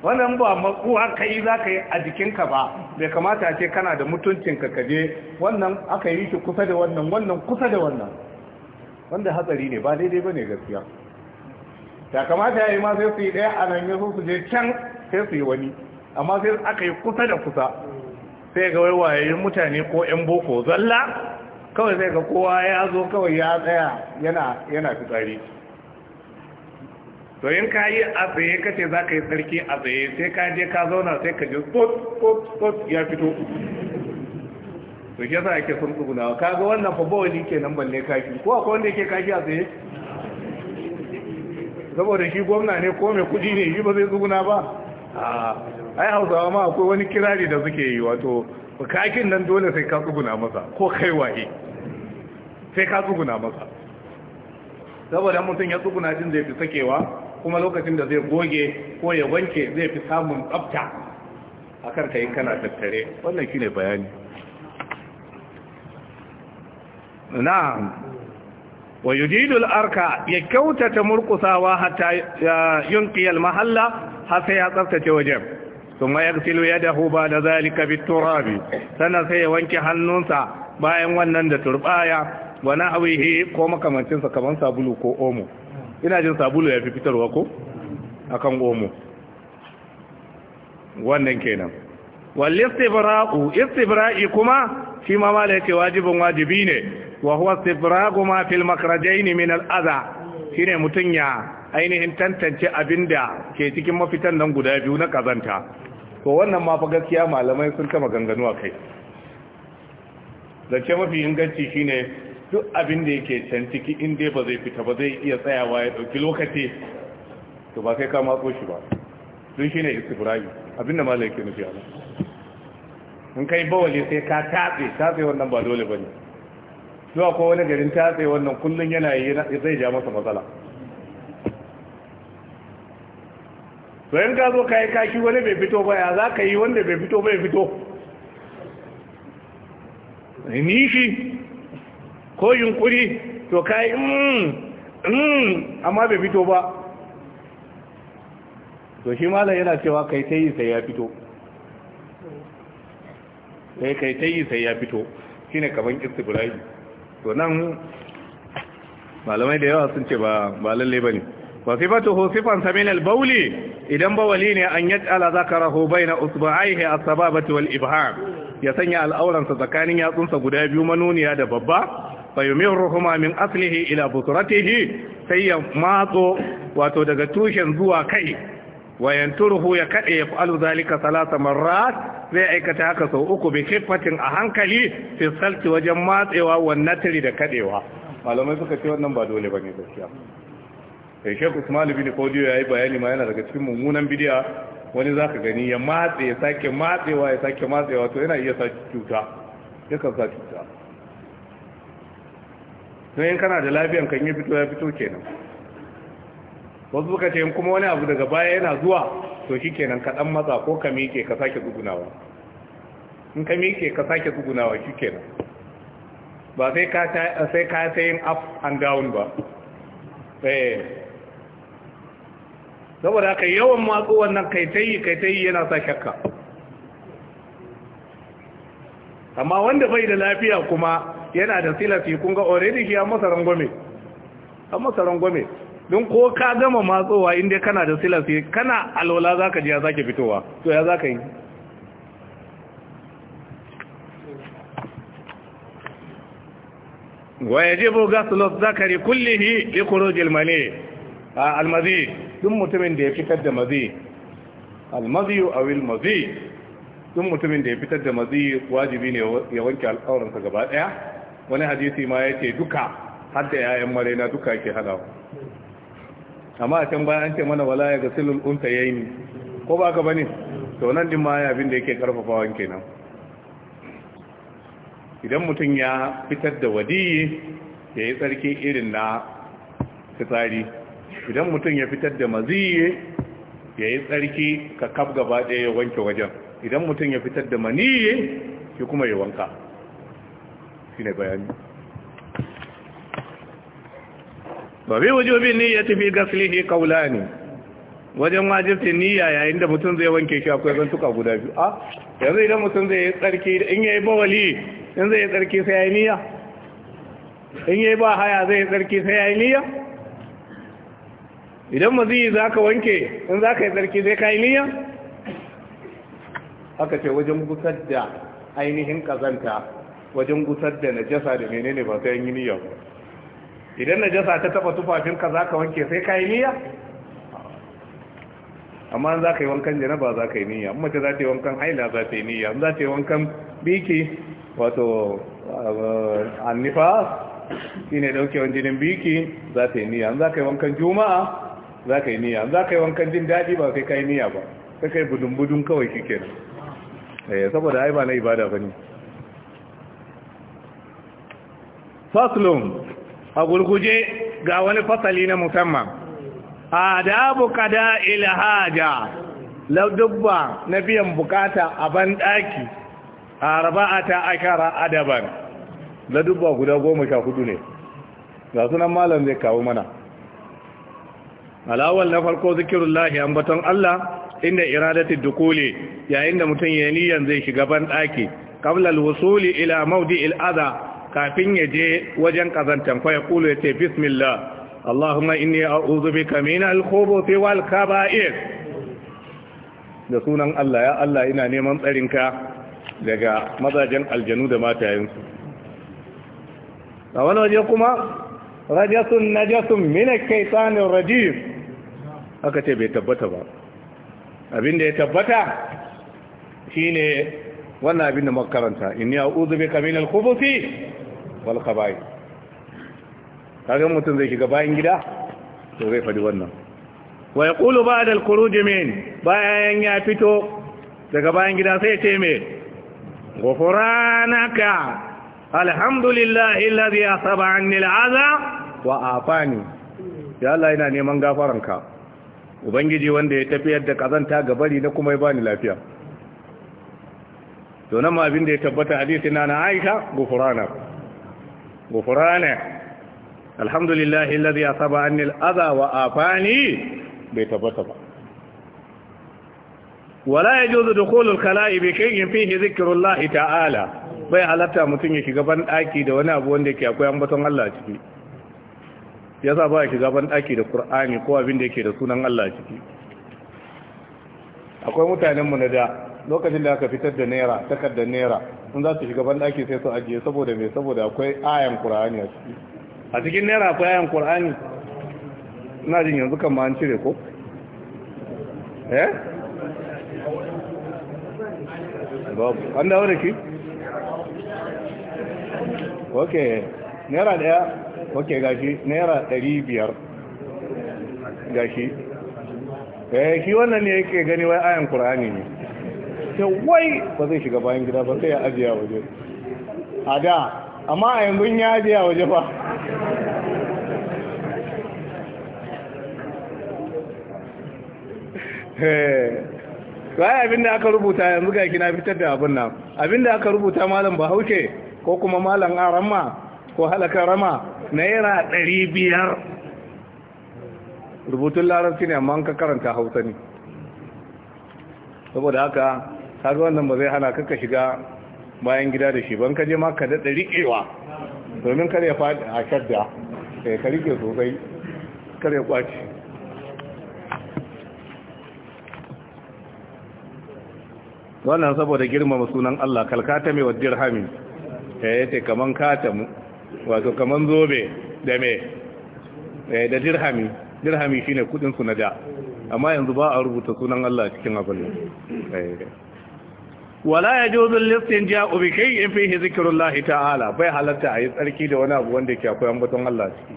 wannan ba makuwa ka yi za ka yi a jikinka ba bai kamata ce kana da mutuncinka ka je wannan aka yi shi kusa da wannan wannan kusa da wannan wanda hatsari ne ba daidai ba ne gaskiya ta kamata ya yi ma sai su yi ɗaya a nan yaso su je can sai su yi wani amma sai aka yi kusa da kusa sai ga waiwayayin mutane ko 'yan boko zalla kawai sai ga kowa ya zo kawai ya tsaya yana fitsari to in ka yi a tsaye kace za ka yi tsarki a tsaye sai ka je ka zauna sai ka je tsot tsot tsot ya fito to shi yasa yake sun tsuguna kaga wannan fa bawali kenan balle kashi ko akwai wanda yake kashi a tsaye saboda shi gwamna ne ko mai kudi ne shi ba zai tsuguna ba a ai hausawa ma akwai wani kirari da suke yi wato kakin nan dole sai ka tsuguna masa ko kai waye sai ka tsuguna masa saboda mutum ya tsuguna din zai fi sakewa kuma lokacin da zai goge ko ya wanke zai fi samun tsafta akan kai kana tattare wannan shine bayani na'am wa yujidul arka ya kyautata murkusawa hatta yunqiyal mahalla har sai ya tsaftace wajen kuma ya dahu yadahu ba da zalika biturabi sannan sai ya wanke hannunsa bayan wannan da turbaya wa na'awihi ko makamancin sa kaman sabulu ko omo ina jin sabulu ya fi fitarwa ko akan omo wannan kenan wal istibra'u istibra'i kuma shi ma mala yake wajibin wajibi ne wa huwa istibra'u ma fil makrajaini min al adha shine mutun ya ainihin tantance abinda ke cikin mafitan nan guda biyu na kazanta to wannan ma fa gaskiya malamai sun ta maganganu akai zance mafi inganci shine duk abin da yake can ciki in dai ba zai fita ba zai iya tsayawa ya dauki lokaci to ba kai ka matso shi ba sun shine istibra'u abinda malai yake nufi a in kai bawali sai ka tatse tatse wannan ba dole bane zuwa ko wani garin tatse wannan kullun yana yi zai ja masa matsala to in ka zo ka yi kashi wani bai fito ba ya za ka yi wanda bai fito bai fito nishi ko yunkuri to ka yi mm, mm, amma bai fito ba to shi malam yana cewa kai ta yi sai ya fito sai kai ta yi sai ya fito shi ne kaban istibrahi to nan malamai da yawa sun ce ba lalle ba ne wa sifatuhu sifan samin albauli idan bawali ne an za ka yaj'ala zakarahu baina Usman as-sababati wal ibham ya sanya al'auransa tsakanin yatsunsa guda biyu manuniya da babba fayumirruhuma min aslihi ila buturatihi sai ya matso wato daga tushen zuwa kai wa yanturuhu ya kade ya fa'alu zalika salasa marrat zai aikata haka sau uku bi kifatin a hankali fi salti wajen matsewa wa natri da kadewa malamai suka ce wannan ba dole bane gaskiya sai eh, Sheikh Usman bin ya yayi bayani ma yana daga cikin mummunan bidiya wani zaka gani ya matse ya sake matsewa ya sake matsewa to yana iya sa cuta kan sa cuta to in kana da lafiyan kan yi fito ya fito kenan wasu suka ce kuma wani abu daga baya yana zuwa to shi kenan ka ɗan matsa ko ka miƙe ka sake tsugunawa in ka miƙe ka sake tsugunawa shi kenan ba sai ka sai ka sayin up and down ba eh saboda haka yawan matsu wannan kai tayi kai tayi yana sa shakka amma wanda bai da lafiya kuma yana da silafi kun ga already shi an masa rangwame an masa rangwame don ko ka gama matsowa inda kana da silasi kana alwala za ka ji ya sake fitowa to ya za ka yi wayajibu gaslus zakari kullihi li khurujil A almazi Dun mutumin da ya fitar da mazi almazi wil mazi Dun mutumin da ya fitar da mazi wajibi ne ya wanke al'auransa gaba daya wani hadisi ma ya ce duka har da yayan marena duka yake hadawa amma a can bayan ce mana wala ya gasilul unta yi ko ba ka bane to nan din ma ya abin da yake karfafawa kenan idan mutum ya fitar da wadiyi ya yi tsarki irin na fitsari idan mutum ya fitar da maziyi ya yi tsarki ka kaf gaba ɗaya ya wanke wajen idan mutum ya fitar da maniyi shi kuma ya wanka shi ne bayani ba bi wujubin niyyati fi ghaslihi qawlani wajen wajibcin niyya yayin da mutum zai wanke shi akwai zantuka guda biyu a yanzu idan mutum zai yi tsarki in yayi bawali in zai yi tsarki sai yayi niyya in yayi ba haya zai yi tsarki sai yayi niyya idan mazi zaka wanke in zaka yi tsarki sai kai niyya haka ce wajen gusar da ainihin kazanta wajen gusar da najasa da menene ba sai yin niyya ba idan na jasa ta taba tufafinka za ka wanke sai ka yi niyya amma za ka yi wankan janaba za ka yi niyya amma ta za ta yi wankan haila za ta yi niyya za ta yi wankan biki wato eh, annifa shi ne daukewan jinin biki za ta yi niyya za ka yi wankan juma'a za ka yi niyya za ka yi wankan jin daɗi ba sai ka yi niyya ba sai ka yi budun-budun kawai shi kenan eh, saboda ai ba na ibada ba ne a gurguje ga wani fasali na musamman adabu kada ilhaja laudubba na biyan bukata a banɗaki a raba'ata akara adaban laudubba guda goma sha hudu ne ga sunan malam zai kawo mana alawal na farko an ambaton Allah inda iradatin dukule yayin da mutum ya niyan zai shiga banɗaki kablal wusuli ila maudi il'aza kafin ya je wajen kazantan kwaya kulu ya ce bismillah Allahumma inni a'udhu bika min al-khubuthi wal kaba'ir da sunan Allah ya Allah ina neman tsarinka daga mazajen aljanu da matayensu a wani waje kuma rajasun najasun min shaytanir rajim aka ce bai tabbata ba Abin da ya tabbata shine wannan abin da makaranta in ya uzu bi kamin kubufi, wal khaba'i kaga mutum zai shiga bayan gida to zai faɗi wannan wa Kulu ba'da al-khuruj bayan ya fito daga bayan gida sai ya ce me ghufranaka alhamdulillahi alladhi asaba anni al-'adha wa afani ya Allah ina neman gafaranka ubangiji wanda ya tafiyar da kazanta ga bari na kuma ya bani lafiya to nan ma abin da ya tabbata hadisi na na Aisha gufurana gufurana alhamdulillah alladhi asaba anni al-adha wa afani bai tabbata ba wala yajuzu dukhul al-khala'i bi shay'in fihi dhikrullah ta'ala bai halatta mutum ya shiga ban daki da wani abu wanda yake akwai ambaton Allah ciki yasa ba ya shiga ban daki da Qur'ani ko abin da yake da sunan Allah ciki akwai mu na da lokacin da aka fitar da naira takardar naira sun za su shiga banɗaki sai su ajiye saboda mai saboda akwai ayan ƙur'ani a ciki a cikin naira akwai ayan ƙur'ani na jin yanzu kan ma an cire ko eh babu an dawo da shi ok naira daya ok gashi naira ɗari biyar gashi eh shi wannan ne yake gani wai ayan ƙur'ani ne ta wai ba zai shiga bayan gida ba sai ya ajiya waje a da amma a yanzu ya ajiya waje ba eh, abin da aka rubuta yanzu ga kina fitar da abin nan abin da aka rubuta malam bahaushe ko kuma malam arama ko halaka rama naira ɗari biyar rubutun larabci ne amma an ka karanta hausa ne saboda haka kaga wannan ba zai hana ka shiga bayan gida da shi ban ka je ma ka daɗa riƙewa domin kar ya faɗi a shadda sai eh, ka riƙe sosai kar ya ƙwace wannan saboda girmama sunan Allah kalkata mai wajen dirhami eh, ya yace kaman katamu wato kaman zobe da me eh, da dirhami dirhami shine kudin su na da amma yanzu ba a rubuta sunan Allah cikin abin wala ya wuzin listin ja ubi kai in fi zikirun lahi ta'ala bai halatta a yi tsarki da wani abu wanda ke akwai ambaton Allah ciki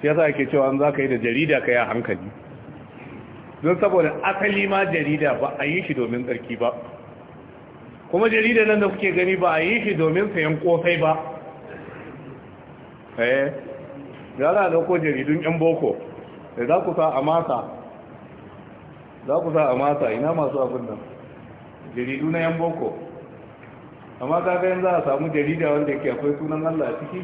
shi yasa ake cewa an za ka yi da jarida ka ya hankali don saboda asali ma jarida ba a yi shi domin tsarki ba kuma jarida nan da kuke gani ba a yi shi domin sayan kosai ba eh za a dauko jaridun yan boko da eh, za ku sa a masa za ku sa a masa ina masu abin nan jaridu na yan boko amma ga yanzu a samu jarida wanda ke akwai sunan Allah a ciki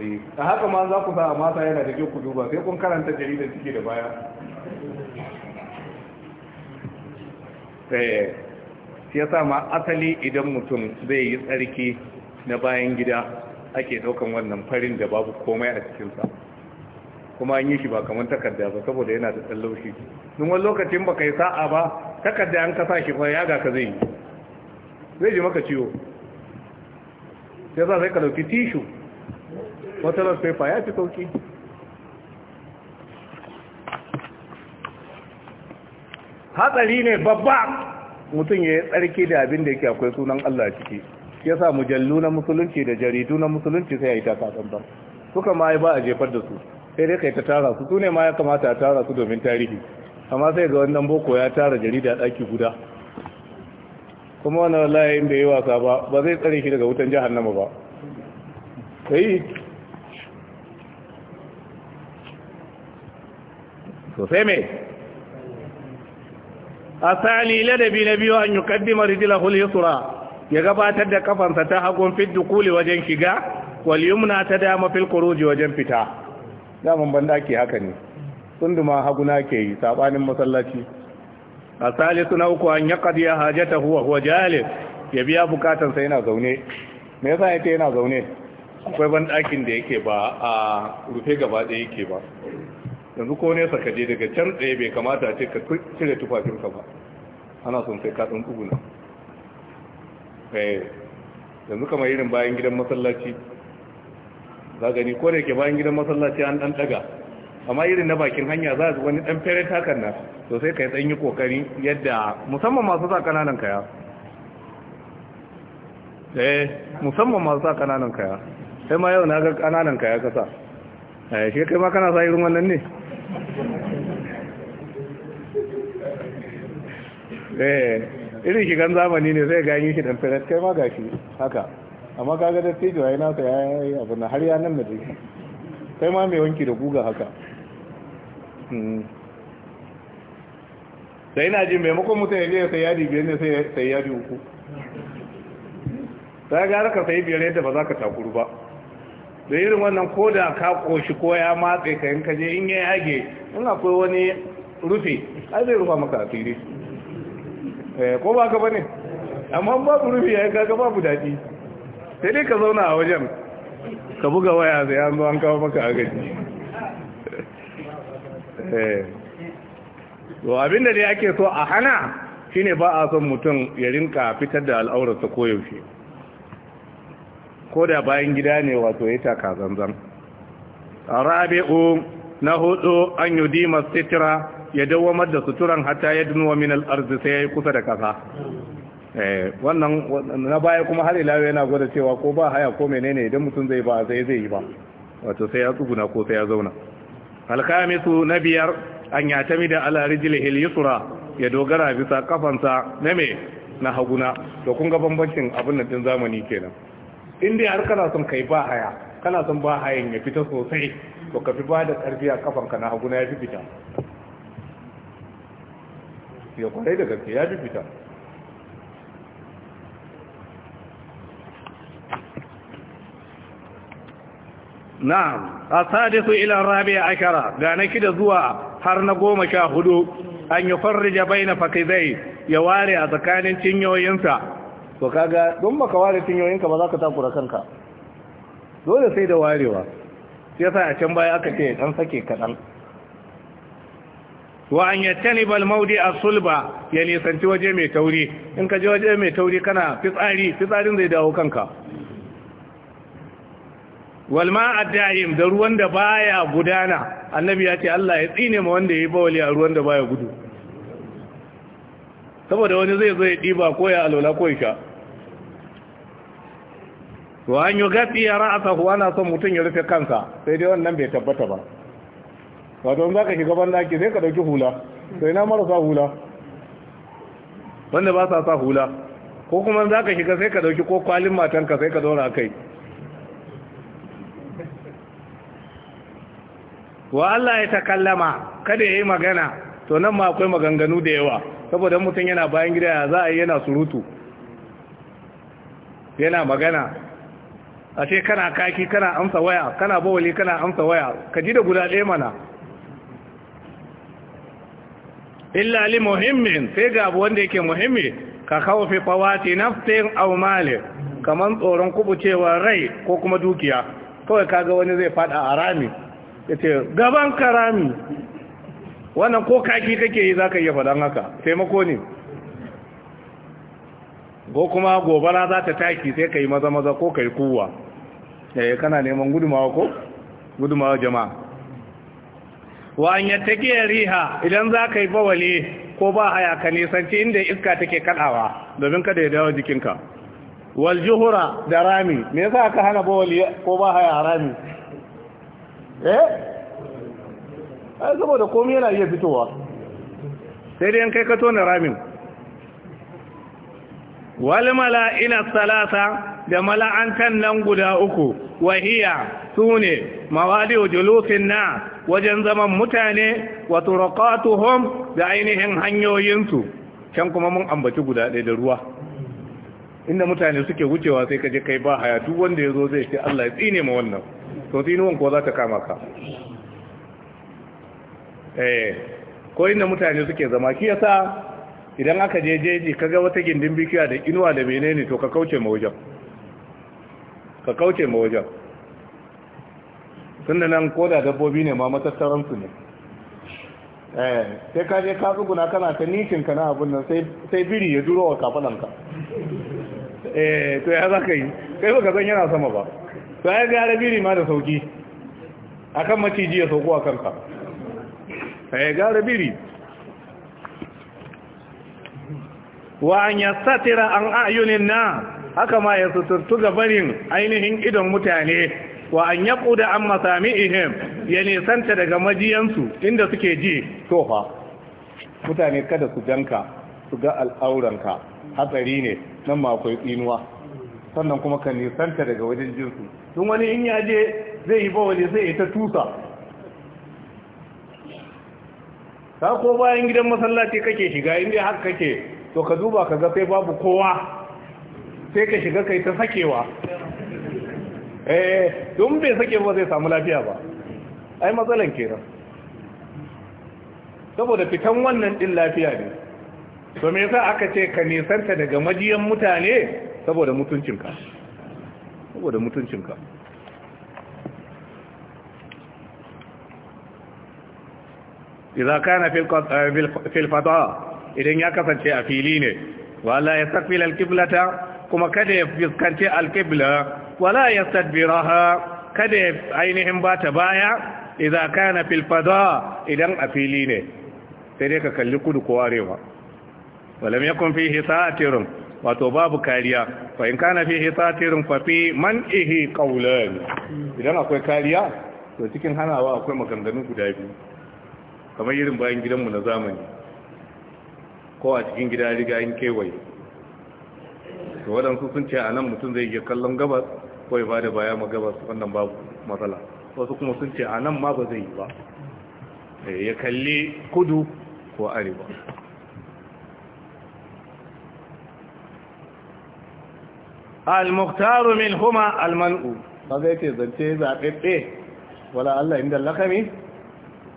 eh, a haka ma za ku sa a mata yana da kyau ku duba sai kun karanta jaridar ciki da baya eh, shi ya ma asali idan mutum zai yi tsarki na bayan gida ake daukan wannan farin da babu komai a cikinsa kuma an yi shi ba kamar takarda ba saboda yana da tsallaushi nun wani lokacin ba ka yi sa'a ba takarda an kasa shi ya yaga ka zai yi zai ji maka ciwo sai za sai ka dauki tishu wata last paper ya fi sauki hatsari ne babba mutum ya yi tsarki da abin da yake akwai sunan Allah ciki ya sa mujallu na musulunci da jaridu na musulunci sai ya yi ba suka ma ba a jefar da su sai dai kai ta tara su su ne ma ya kamata a tara su domin tarihi amma sai ga wannan boko ya tara jarida ɗaki guda kuma wani wallahi inda yi wasa ba ba zai tsare shi daga wutan jahannama ba kai sai me asali ladabi na biyu an yukaddima rijlahu al hulisura ya gabatar da kafansa ta hagun fit dukuli wajen shiga wal yumna ta dama fil khuruj wajen fita daman banda ke haka ne Tunduma haguna ke yi sabanin masallaci a salisu na uku an ya kadiya hajjata huwa huwa jalis ya biya bukatansa yana zaune me yasa yake yana zaune akwai ban da yake ba a rufe gaba ɗaya yake ba yanzu ko nesa ka je daga can tsaye bai kamata a ce ka cire tufafinka ba ana son sai ka tsuguna eh, yanzu kamar irin bayan gidan masallaci za gani ko da bayan gidan masallaci an dan daga amma irin na bakin hanya za su wani dan fere takan nan to sai kai tsanyi kokari yadda musamman masu sa kananan kaya eh musamman masu sa kananan kaya sai ma yau na ga kananan kaya kasa eh shi kai ma kana sa irin wannan ne eh irin shigan zamani ne sai ga yin shi dan fere kai ma gashi haka amma kaga da tijo ai nasa ya yi abu na har ya nan da kai ma mai wanki da guga haka hmm. sai na jin maimakon mutum ya je ya sai yadi biyar ne sai yadi uku sai gara ka sai biyar yadda ba za ka takuru ba da irin wannan ko da ka koshi ko ya matse ka kaje in ya yage in akwai wani rufe ai zai rufa maka asiri eh, ko ba ka bane amma babu rufe ya kaga babu daɗi sai dai ka zauna a wajen ka buga waya zai an zo an kawo maka agaji Ba eh. abinda dai ake so a hana shi ne ba a son mutum ya rinka fitar da al'aurarsa koyaushe ko da bayan gida ne wato ya taka zanzan rabi'u na hudu an dimar sitira ya dawamar da suturan hata ya dunuwa min al'arzi sai ya yi kusa da kasa Eh, wannan na baya kuma har ilawe yana gwada cewa ko ba haya ko menene idan mutum zai ba sai zai yi ba wato sai ya tsuguna ko sai ya zauna alkhamisu na biyar an tami da ala rijlihil yusra ya dogara bisa kafansa na me na haguna to kun ga bambancin abin nan din zamani kenan in dai har kana son kai ba haya kana son ba hayan ya fita sosai to ka fi ba da karfi a kafanka na haguna ya fi fita ya kwarai da gaske ya fi fita Na na'am asadisu ila rabi'a ashara ga na kida zuwa har na goma sha hudu an yi farrija fakizai ya ware a tsakanin cinyoyinsa to kaga don baka ware cinyoyinka ba za ka takura kanka dole sai da warewa sai yasa a can baya aka ce dan sake kadan wa an yattani maudi as-sulba ya nisanci waje mai tauri in ka je waje mai tauri kana fitsari fitsarin zai dawo kanka walma da'im, da ruwan da baya gudana annabi ya ce Allah ya tsine ma wanda ya yi bawali a ruwan da baya gudu saboda wani zai zo ya ko ya alola ko ya sha wa an yugati kuwa na son mutum ya rufe kansa sai dai wannan bai tabbata ba wato za ka shiga ake sai ka dauki hula sai na marasa hula wanda ba sa sa hula ko kuma za ka shiga sai ka dauki ko kwalin matanka sai ka dora kai wa Allah ya takallama kada ya yi magana to nan ma akwai maganganu da yawa saboda mutum yana bayan gida ya za a yi yana surutu yana magana a ce kana kaki kana amsa waya kana bawali kana amsa waya ka ji da guda ɗaya mana illa li muhimmin sai ga abu wanda yake muhimmi ka fi fawati nafsin aw mali kaman tsoron kubucewa rai ko kuma dukiya kawai kaga wani zai fada a rami ya ce gaban karami wannan ko kaki kake yi za ka iya faɗan haka taimako ne ko kuma gobara za ta taki sai ka yi maza-maza ko ka yi kuwa yaya eh, kana neman gudumawa ko gudumawa jama'a wa an yattake riha idan za ka yi bawale ko ba haya ka nisanci inda iska take kadawa domin kada ya dawo jikinka wal juhura da rami me yasa aka hana bawali ko ba haya rami eh ai saboda komai yana iya fitowa sai dai an kai ka tona ramin wal mala'ina salasa da mala'antan nan guda uku wahiya sune mawadi julusin na wajen zaman mutane wa turqatuhum da ainihin hanyoyinsu can kuma mun ambaci guda ɗaya da ruwa inda mutane suke wucewa sai ka je kai ba haya duk wanda ya zo zai ce Allah ya tsine ma wannan to tsinuwan ko za ta kama ka eh ko inda mutane suke zama shi yasa idan aka je jeji kaga wata gindin bikiya da inuwa da menene to ka kauce ma wajen ka kauce ma wajen tunda nan ko da dabbobi ne ma matattaransu ne eh sai ka je ka tsuguna kana ta nikin ka na abin nan sai biri ya duro wa eh to ya za ka yi kai baka san yana sama ba to ai gara biri ma da sauki akan maciji ya sauko a kanka ai eh, gara biri wa an yastatira an ayunin na haka ma ya suturtu gabarin ainihin idon mutane wa an yaquda an masami'ihim ya nisanta daga majiyansu inda suke ji tofa mutane kada su janka su ga al'auranka hatsari ne nan ma akwai tsinuwa sannan kuma ka nisanta daga wajen jinsu tun wani in yaje zai yi bawali zai yi ta tusa ta ko bayan gidan masallaci kake shiga inda har kake to ka duba ka ga sai babu kowa sai ka shiga kai ta sakewa eh don bai sake ba zai samu lafiya ba ai matsalan kenan saboda fitan wannan din lafiya ne to me yasa aka ce ka nisanta daga majiyan mutane saboda mutuncinka saboda mutuncinka idan kana fil eh, fata idan ya kasance a fili ne wala yastaqbil alqiblata kuma kada ya fuskanci alqibla wala sadbiraha kada ya ainihin bata baya idan kana fil fata idan a fili ne sai dai ka kalli kudu ko arewa walam yakun fihi sa'atirun wato babu kariya fa in kana fi hitatirin fa fi man ihi qawlan idan akwai kariya to cikin hanawa akwai maganganu guda biyu kamar irin bayan gidanmu na zamani ko a cikin gida riga in kewaye to waɗansu sun ce a nan mutum zai iya kallon gabas ko ya bada baya ma gabas wannan babu matsala wasu kuma sun ce a nan ma ba zai yi ba eh, ya kalli kudu ko arewa al-mukhtaru min huma al-man'u ba zai ce zance zaɓeɓɓe wala Allah inda lakami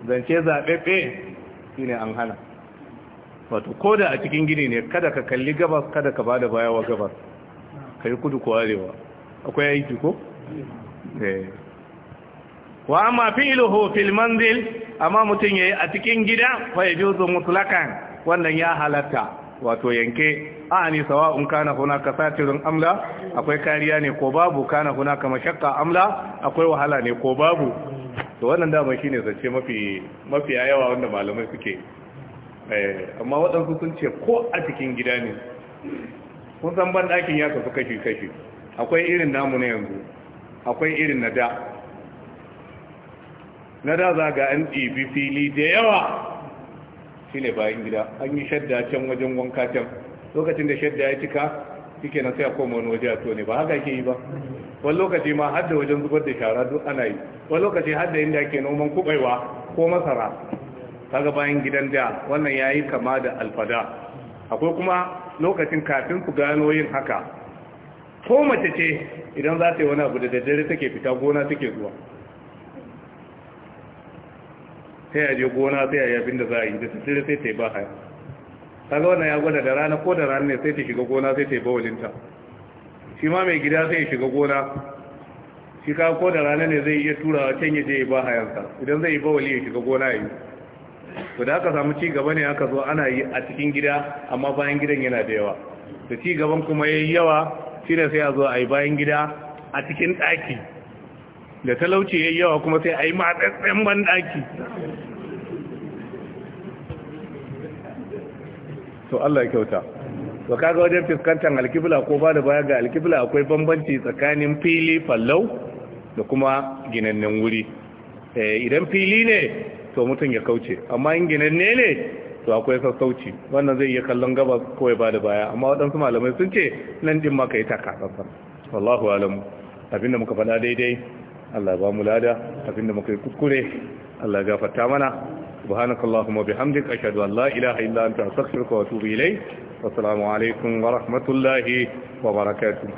zance zaɓeɓɓe an hana wato ko da a cikin gini ne kada ka kalli gabas kada ka bada baya wa gabas ka yi kudu kwarewa akwai aiki ko? Eh. wa amma fi'luhu fil manzil amma mutum ya yi a cikin gida fa yajuzu mutulakan wannan ya halatta wato yanke ani sawa'un kana ka satirin amla akwai kariya ne ko babu kana ka mashakka amla akwai wahala ne ko babu to wannan dama ne zace mafi mafi yawa wanda malamai suke eh amma wadansu sun ce ko a cikin gida ne kun san ban dakin ya kasu kashi kashi akwai irin namu na yanzu akwai irin na da na da za ga an fili da yawa shine bayan gida an yi shadda can wajen wanka can lokacin da shadda ya cika shike na sai a koma wani waje a tone ba haka ke yi ba wani lokaci ma har da wajen zubar da shara duk ana yi wani lokaci har da inda ke noman kubaiwa ko masara kaga bayan gidan da wannan ya yi kama da alfada akwai kuma lokacin kafin ku gano yin haka ko mace ce idan za ta yi wani abu da daddare take fita gona take zuwa sai a je gona sai a yabin da za a yi da tattare sai ta yi ba haya kaga wannan ya gwada da rana ko da rana ne sai ta shiga gona sai ta yi bawalinta shi ma mai gida sai ya shiga gona shi ka ko da rana ne zai iya turawa can ya je ya ba hayansa idan zai yi bawali ya shiga gona ya yi to da aka samu ci gaba ne aka zo ana yi a cikin gida amma bayan gidan yana da yawa da ci gaban kuma yayi yawa shi ne sai a zo a yi bayan gida a cikin ɗaki da talauci yi yawa kuma sai a ayi matsatsen banɗaki. to Allah ya kyauta to kaga wajen fuskantar alkibla ko ba da baya ga alkibla akwai bambanci tsakanin fili fallau da kuma ginannen wuri eh, idan fili ne to mutum ya kauce amma in ginanne ne to akwai sassauci wannan zai iya kallon gaba ko ya ba da baya amma waɗansu malamai sun ce nan din maka ka yi taka wallahu alamu abinda muka faɗa daidai Allah ba mu lada abinda muka yi kuskure Allah ya gafarta mana subhanakallahumma bihamdika ashhadu an la ilaha illa anta astaghfiruka wa atubu ilayk assalamu alaikum wa rahmatullahi wa barakatuh